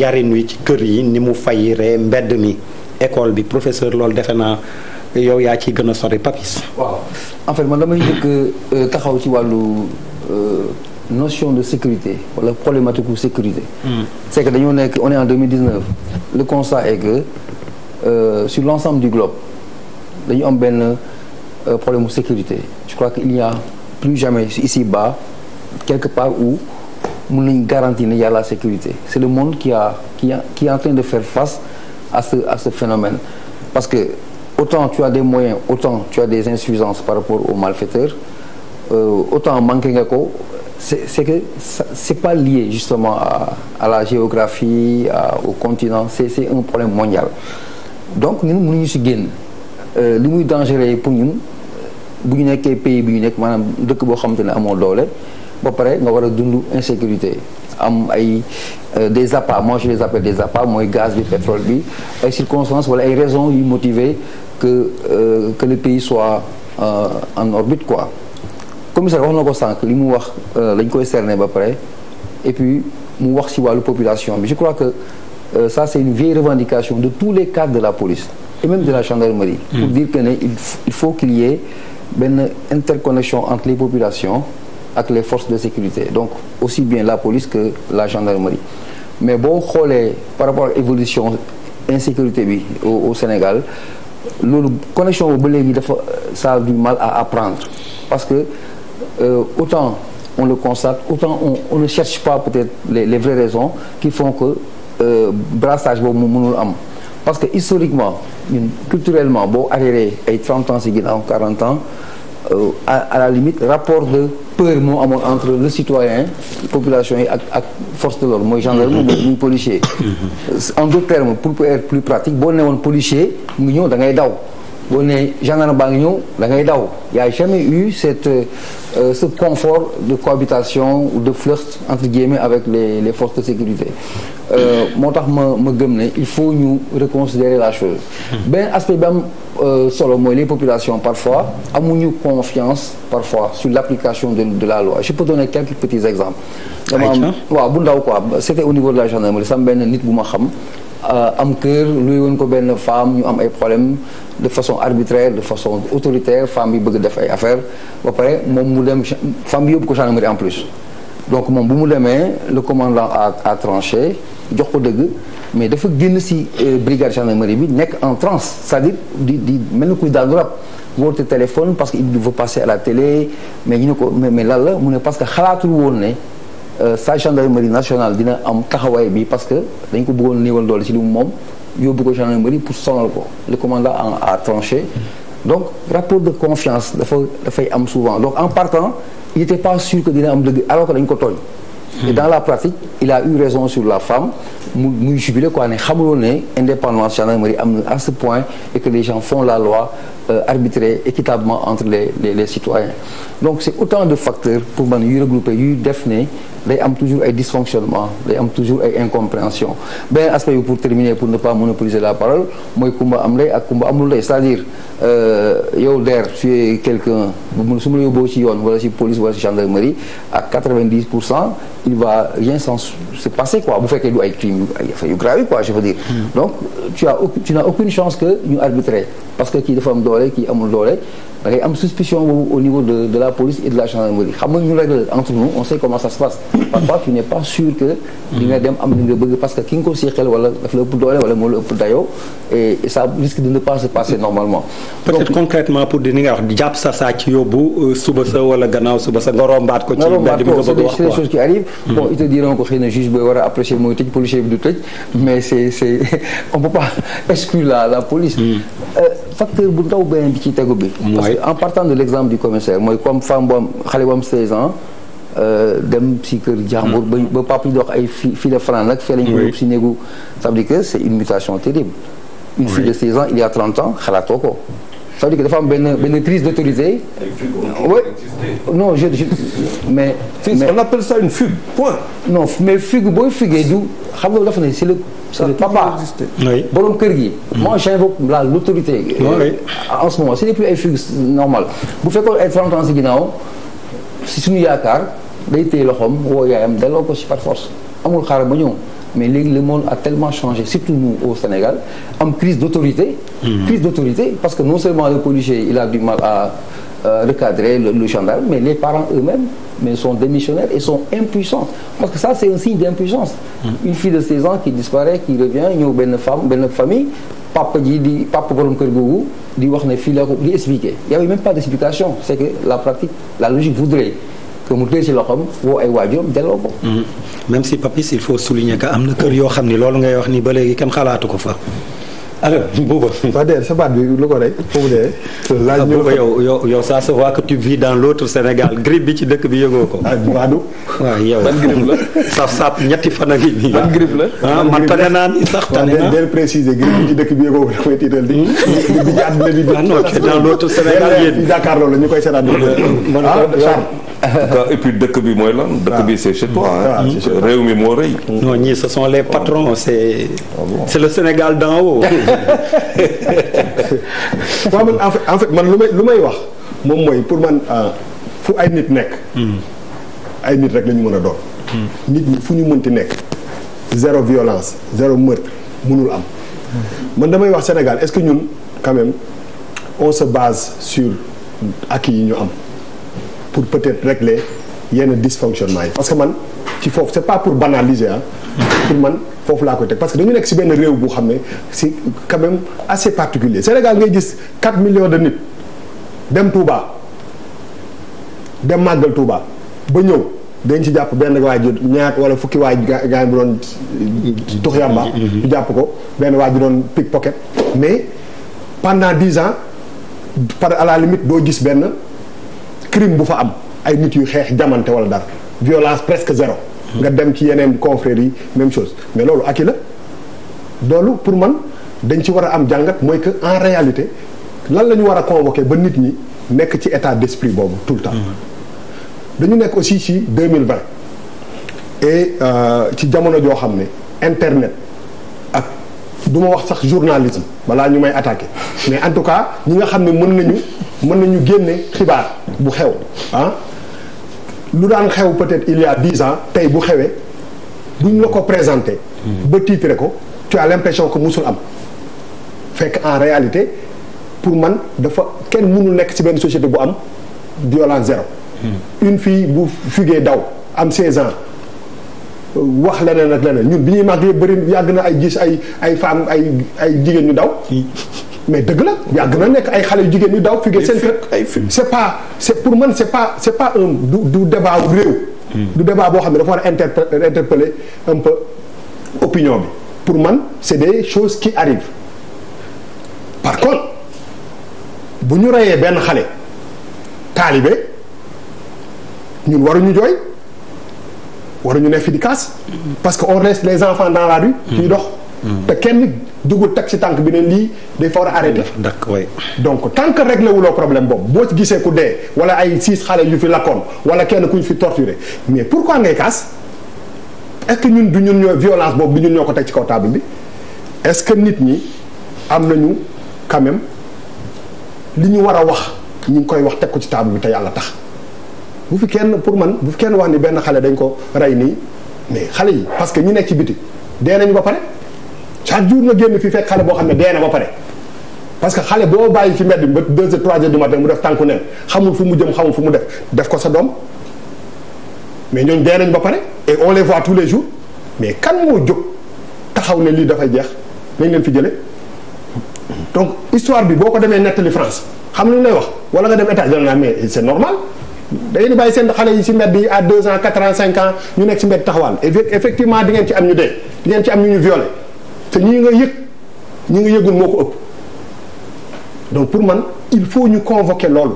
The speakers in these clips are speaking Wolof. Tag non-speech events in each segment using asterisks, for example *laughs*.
yarin wi ci kër yi ni mu fay fayiree mbedd mi école bi professeur loolu defe naa yow yaa ci gën a sori papis waaw en fait man damay njëkk euh, taxaw ci wàllu euh, notion de sécurité wala problématique ou sécurité hmm. c'est que dañoo nekk on est en 2019 le constat est que euh, sur l'ensemble du globe dañu am benn problème de sécurité je crois qu'il n'y a plus jamais ici-bas quelque part où mun nañ garantir ne y a la sécurité c'est le monde qui a qui a qui est en train de faire face à ce phénomène parce que autant tu as des moyens autant tu as des insuffisances par rapport aux malfaiteurs euh, autant manque nga ko c'est c'est que c'est pas lié justement à à la géographie à, au continent c'est un problème mondial donc ñun mënuñu ci génn euh, li muy dangereux pour ñun bu ñu nekkee pays bi ñu nekk maanaam dëkk boo xamante ne amoo doole ba pare nga war a dund insécurité am ay euh, des appâts moi je les des appâts mooy gaz bi pétrole bi ay circonstances wala ay raisons yu motiver que euh, que le pays soit euh, en orbite quoi commissaire wax na ko sànq li mu wax euh, lañ koy cerner ba pare et puis mu wax ci wàllu population bi je crois que euh, ça c'est une vieille revendication de tous les cadres de la police et même de la gendarmerie pour mm. dire que ne il faut qu'il y ait benn interconnexion entre les populations ak les forces de sécurité donc aussi bien la police que la gendarmerie mais boo xoolee par rapport à évolution insécurité bi au, au Sénégal loolu connexion ba léegi dafa ça a du mal à apprendre parce que euh, autant on le constate autant on, on ne cherche pas peut-être les, les vraies raisons qui font que euh, brassage boobu mu mënul am parce que historiquement ñun culturellement boo arriéré ay 30 ans ci ginnaaw 40 ans Euh, à à la limite rapport de peur moo amoon entre le citoyen population yi ak ak force de l'ordre mooy gendarme muy mm-hmm. policier mm-hmm. en d'autres termes pour être plus pratique boo nee woon policier mu ngi ñëw da ngay daw boo nee gendarme baa ngi ñëw da ngay daw y a jamais eu cette euh, ce confort de cohabitation ou de flirt entre guillemets avec les les forces de sécurité Euh, moo tax ma ma gëm ne il faut ñu reconsidérer la chose hmm. benn aspect bi am euh, solo mooy les populations parfois amuñu confiance parfois sur l'application de de la loi je peux donner quelques petits exemples dama am waaw bu ndaw quoi c'était au niveau de la gendarmerie sam benn nit bu ma xam euh, am kër luy woon ko benn femme ñu am ay problèmes de façon arbitraire de façon autoritaire femme bi bëgg def ay affaires ba pare moom mu dem femme bi yóbbu ko gendarmerie en plus donc moom bu mu demee le commandant a tranché jox ko dëgg mais dafa génn si euh, brigade gendarmerie bi nekk en transe c'est-à-dire di di mel ni ku daanu rab woote téléphone parce que il veut passer à la télé mais ñu ko mais lan la mu ne parce que xalaatul woon ne euh, sa gendarmerie nationale dina am taxawaay bi parce que dañ ko bëggoon néewal doole si li mu moom yóbbu ko gendarmerie pour sonal ko le commandant a tranché donc rapport de confiance dafa dafay am souvent donc en partant il n'était pas sûr que dina am dëgg alors que dañ ko tooñ et dans la pratique il a eu sur la femme mu muy jubilé quoi ne ne indépendance gendarmerie am na à ce point et que les gens font la loi euh, équitablement entre les, les les citoyens donc c'est autant de facteurs pour man yuy regrouper yuy def ne day am toujours ay dysfonctionnement am toujours ay incompréhension beneen aspect pour terminer pour ne pas monopoliser la parole mooy kumba am lay ak kumba amul lay c'est-à-dire euh, yow der tu es quelqu'un bu mu su ma la yóbboo yoon wala ci police wala ci gendarmerie à 90 pour cent il va l'insens se passer quoi bu fekkee du ay crime ay affaire yu grave quoi je veux dire. Hmm. donc tu as tu n'as aucune chance que ñu arbitrer. parce que kii dafa am doole kii amul doole da ngay am suspicion boobu au niveau de la police et de la gendarmerie xam nga ñu entre nous on sait comment ça se passe. parfois tu n'es pas di nga dem am li nga bëgg parce que ki nga ko seexal wala daf la ëpp doole wala moo la ëpp dayoo et ça risque de ne pas se passer euh, suba sa wala gannaaw suba sa nga rombaat ko. ci mbedd mi nga bëgg wax quoi c'est des choses qui arrivent. Hmm. bon ils te ko xëy na juge booy war a apprécier mooy tëj policier bi du tëj mais c'est c'est *laughs* on peut pas *laughs* la la police. Hmm. Euh, facteur bu ndaw beneen bi ci tegu bi. parce que en partant de l' exemple du commissaire mooy comme femme bu am xale bu am 16 ans. Euh, dem si kër jàmbur mm. ba ba papa yi di wax ay fii fii la fanaan nag fee lañ ko yóbbu si néegu ça veut dire que c' est une mutation terrible une fille de 16 ans il y a 30 ans xalaatoo ko ça veut dire que dafa am benn benn crise d'autorité. oui non je je mais. mais on appelle ça une fugue point. non mais fugue booy fugee du xam nga dafa ne c'est le. c'est le papa borom kër gi. Mm. moi j'invoque la l'autorité. oui euh, en ce moment ce n'est plus ay fugue normal bu fekkoon ay 30 ans si ginnaaw si suñu yaakaar day téye loxoom woo yaayam delloo ko si par force. amul xaaral ba ñëw mais léegi le monde a tellement changé surtout nous au Sénégal am crise d'autorité hmm. crise d'autorité parce que non seulement le policier il a du mal à euh, recadrer le, le gendarme mais les parents eux-mêmes mais sont démissionnaires et sont impuissants parce que ça c'est un signe d'impuissance hmm. une fille de 16 ans qui disparaît qui revient ñëw benn femme benn famille papa ji di papa borom kër googu di wax ne fii la ko di expliquer il y avait même pas d'explication c'est que la pratique la logique voudrait que mu téye ci loxoom woo ay waajuram mhm. si papis il faut souligner am na kër yoo xam ni loolu ngay wax ni ba léegi kenn xalaatu ko fa. alors Bouba. waa déedéet sa baat bi lu ko rey foofu de. Ah, laaj ñu ko yow yow yow ça se voit que tu vis dans l' autre Sénégal grippe bi ci dëkk bi yëgoo ko. ah waadu. waaw yow la. saaf *laughs* saaf ñetti fan a ngi nii. ban grippe la ah man tane naa ni sax. tane naa waaw préciser grippe bi ci dëkk bi yëgoo ko dafay tiital di. bi ci àdduna bi. ah non dans l' autre Sénégal yéen. jàkkaarloo koy seetaan. *coughs* ah et puis dëkk bi mooy lan dëkk bi c'est chez réew mi moo rëy non ñii ce sont les patrons ah c'est ah c'est le Sénégal d'en haut *laughs* waaw man en fait en fait man lu may lu may wax moom mooy pour man ah, fu ay nit nekk hmm. ay nit rek la mën a doon hmm. nit ñi fu ñu mënti nekk zéro violence zéro meurtre mënul am man damay wax Sénégal est-ce que ñun quand on se base sur acquis yi ñu am pour peut-être régler yenn dysfonctionnement yi parce que man ci foofu c'est pas pour banaliser ah pour man foofu laa koy teg parce que dañu nekk si benn réew bu xam ne si quand même assez particulier Sénégal ngay gis 4 millions de nit dem Touba dem màggal Touba ba ñëw dañ ci jàpp benn waay ju ñaar wala fukki waay gaa bu doon tux yàmba ñu jàpp ko benn waay ju doon pickpocket mais pendant 10 ans par à la limite doo gis benn crime bu fa am ay nit yu xeex jamante wala dara violence presque zéro nga dem ci yeneen confréries yi même chose mais loolu ak i la loolu pour man dañ ci war a am jàngat mooy que en réalité lan la ñu war a convoquer ba nit ñi nekk ci état d'esprit boobu tout le temps dañu nekk aussi ci 2020 et euh, ci jamono joo xam ne internet du ma wax sax journalisme balaa ñu may attaqué mais en tout cas ñi nga xam ne mën nañu mën nañu génne xibaar bu xew ah lu daan xew peut-être il y a dix ans tey bu xewee duñ la ko présenté. ba titre ko tu as l'impression que musul am fekk en réalité pour man dafa kenn mënul nekk ci benn société bu am violence zéro. Hmm. une fille bu fugee daw am 16 ans. wax leneen ak leneen ñun bi ñuy màgg yëpp bëri yàgg na ay gis ay ay femmes ay ay jigéen ñu daw. mais dëgg la yàgg na nekk ay xale yu jigéen ñu daw. fii seen kër ay film c' est pas c' man c' est pas c' du du débat réew. Hmm. du débat boo xam ne dafa war a interpellé interpeller un peu opinion bi pour man c' est des choses qui arrivent par contre bu ñu reyee benn xale taalibe ñun ñu jooy. ñu ne fi di kaas parce que on laisse les enfants dans la rue ñuy dox te kenn dugul teg ci tànk bi ne lii day fawar a arrêté donc tant que réglé wuloo problème boobu boo ci gisee ku dee wala ay six xale yu fi lakkoon wala kenn ku kuñ fi torturé mais pourquoi ngay kaas est-ce que ñun du ñun ñoo violence boobu du ñun ñoo ko teg ci kaw table bi est-ce que nit ñi am nañu quand même li ñu war a wax ñu ngi koy wax teg ko ci table bi te yàlla tax bu fi kenn pour man bu fi kenn wax ni benn xale dañ ko rey nii mais xale yi parce que ñu nekk ci biti dee nañu ba pare chaque jour nga génn fi fekk xale boo xam ne dee na ba pare parce que xale boo bàyyi ci mbedd ba deux heures trois heures du matin mu def tànku neen xamul fu mu jëm xamul fu mu def def ko sa doom mais ñooñu dee nañ ba pare et on les voit tous les jours mais kan moo jóg taxaw ne lii dafay jeex dañ leen fi jële donc histoire bi boo ko demee nettali France xam lu lay wax wala nga dem état jël naa mais c'est da ngeen di bàyyi seen xale yi ci mbedd yi à deux ans quatre ans cinq ans ñu nekk ci mbedd taxawaal effectivement di ngeen ci am ñu dee di ngeen ci am ñu ñu violé te ñu nga yëg ñi nga yëgul moo ko ëpp donc pour man il faut ñu convoquer loolu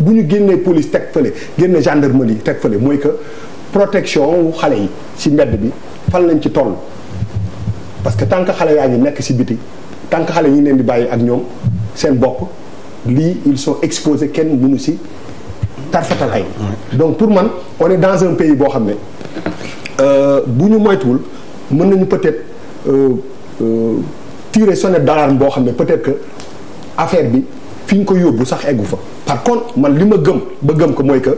bu ñu génnee police teg fële génne gendarmerie teg fële mooy que protection wu xale yi ci mbedd bi fan lañ ci toll parce que tant que xale yaa ñu nekk ci biti tant xale yi ngi leen di bàyyi ak ñoom seen bopp lii ils sont exposés kenn mënu ci tarfatal ay donc pour man on est dans un pays boo xam ne euh, bu ñu moytuwul mën nañu peut-être euh, euh, tirer sonnette d'alarme boo xam ne peut-être que affaire bi fi ñu ko yóbbu sax eggu fa par contre man li ma gëm ba gëm ko mooy que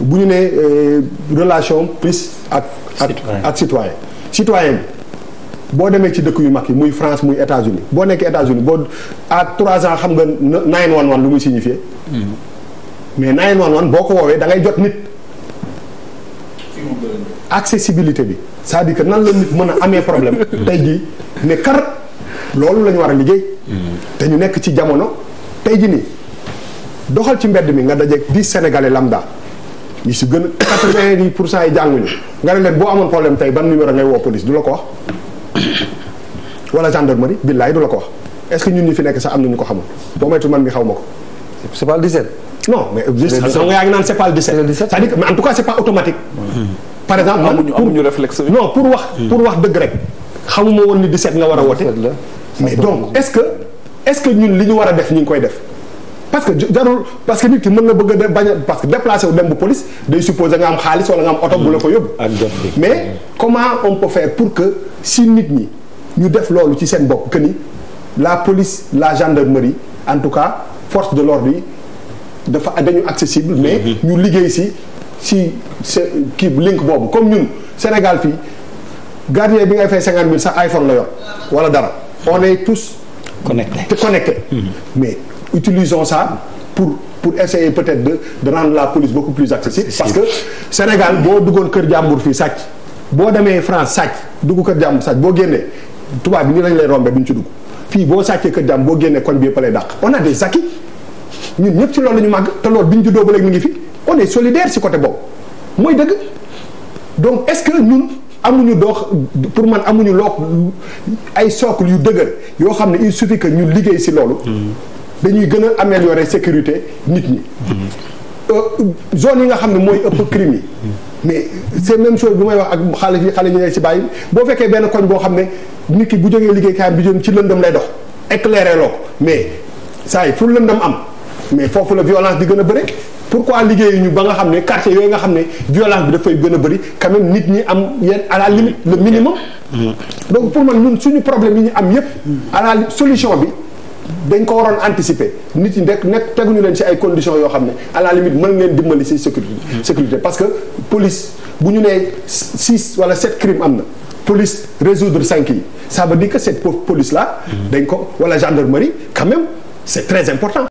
bu ñu nee relation plus ak ak ak citoyen citoyen bi boo demee ci dëkk yu mag yi muy France muy États-Unis boo nekk États-Unis boo à trois ans xam nga 911 lu muy signifier hmm. mais 911 boo ko woowee da ngay jot nit. accessibilité bi cest à que nan la nit mën a amee problème tey jii ne kar loolu la ñu war a liggéey. Mm-hmm. te ñu nekk ci jamono tey jii nii doxal ci mbedd mi nga dajeeg di sénégalais lambda ñu si gën a quatre-vingt pour cent yi jànguñu nga ne leen boo amoon problème tey ban numéro ngay woo police du la ko wax *coughs* wala gendarmerie billaay du la ko wax est-ce que ñun ñu fi nekk sax am na ñu ko xamul boo moytu man mi xaw ma ko. c'est pas non mais donc yaa ngi naan c'est pas le 17. cest à en tout cas c'est pas automatique. Hmm. par exemple amuñu pour wax hmm. pour wax dëgg rek xamuma woon ni 17 nga war a woote. mais donc est-ce que est-ce que ñun li ñu war a def ñu ngi koy def. parce que jarul parce que nit ki mën na bëgg a bañ parce que déplacé wu dem bu police day supposé nga am xaalis wala nga am oto bu la ko yóbbu. Hmm. mais comment on peut pour que si nit ñi ñu def loolu ci seen bopp que ni la police la gendarmerie en tout cas force de l'ordre yi. dafa dañu accessible mais mhm. ñu liggéey si si se kii link boobu comme ñun Sénégal fii gardien bi ngay fay cinquante mille sax iPhone la yor wala dara on est tous connectés connectés mhm. mais utilisons ça pour pour essayer peut-être de de rendre la police beaucoup plus accessible parce que Sénégal boo duggoon kër jàmbur fii sàcc boo demee France sàcc dugg kër jàmbur sàcc boo génnee tubaab bi nii lañ lay rombee ñu ci dugg fii boo sàccee kër jàmbur boo génnee koñ bi yëpp lay dàq on a des acquis ñun ñëpp ci loolu la ñu màgg te lool bi ñu juddoo ba léegi mu ngi fi on est solidaire ci côté boobu mooy dëgg donc est-ce que ñun amuñu doox pour man amuñu loo ay socle yu dëggër yoo xam ne il suffit que ñu liggéey si loolu. dañuy gën a améliorer sécurité nit ñi. Euh, zone yi nga xam ne mooy ëpp crime yi. mais c'est même chose bi may wax ak xale xale ñu ne si bàyyi boo fekkee benn koñ boo xam ne nit ki bu jógee liggéey kaayam bi jëm ci lëndëm lay dox éclairé loo mais saa yi fu lëndëm am. mais foofu la violence bi gën a bëri pourquoi liggéeyu ñu ba nga xam ne quartier yooyu nga xam ne violence bi dafay gën a bëri quand nit ñi am yenn à la limite le minimum. donc pour man ñun suñu problème yi ñu am yépp à la solution bi. dañ ko waroon anticiper nit ñi nekk nekk ñu leen ci ay conditions yoo xam ne à la limite mën leen dimbali ci sécurité. sécurité parce que police bu ñu nee six wala sept crimes am na police résoudre cinq yi ça veut dire que cette police dañ ko wala gendarmerie quand même c'est très important.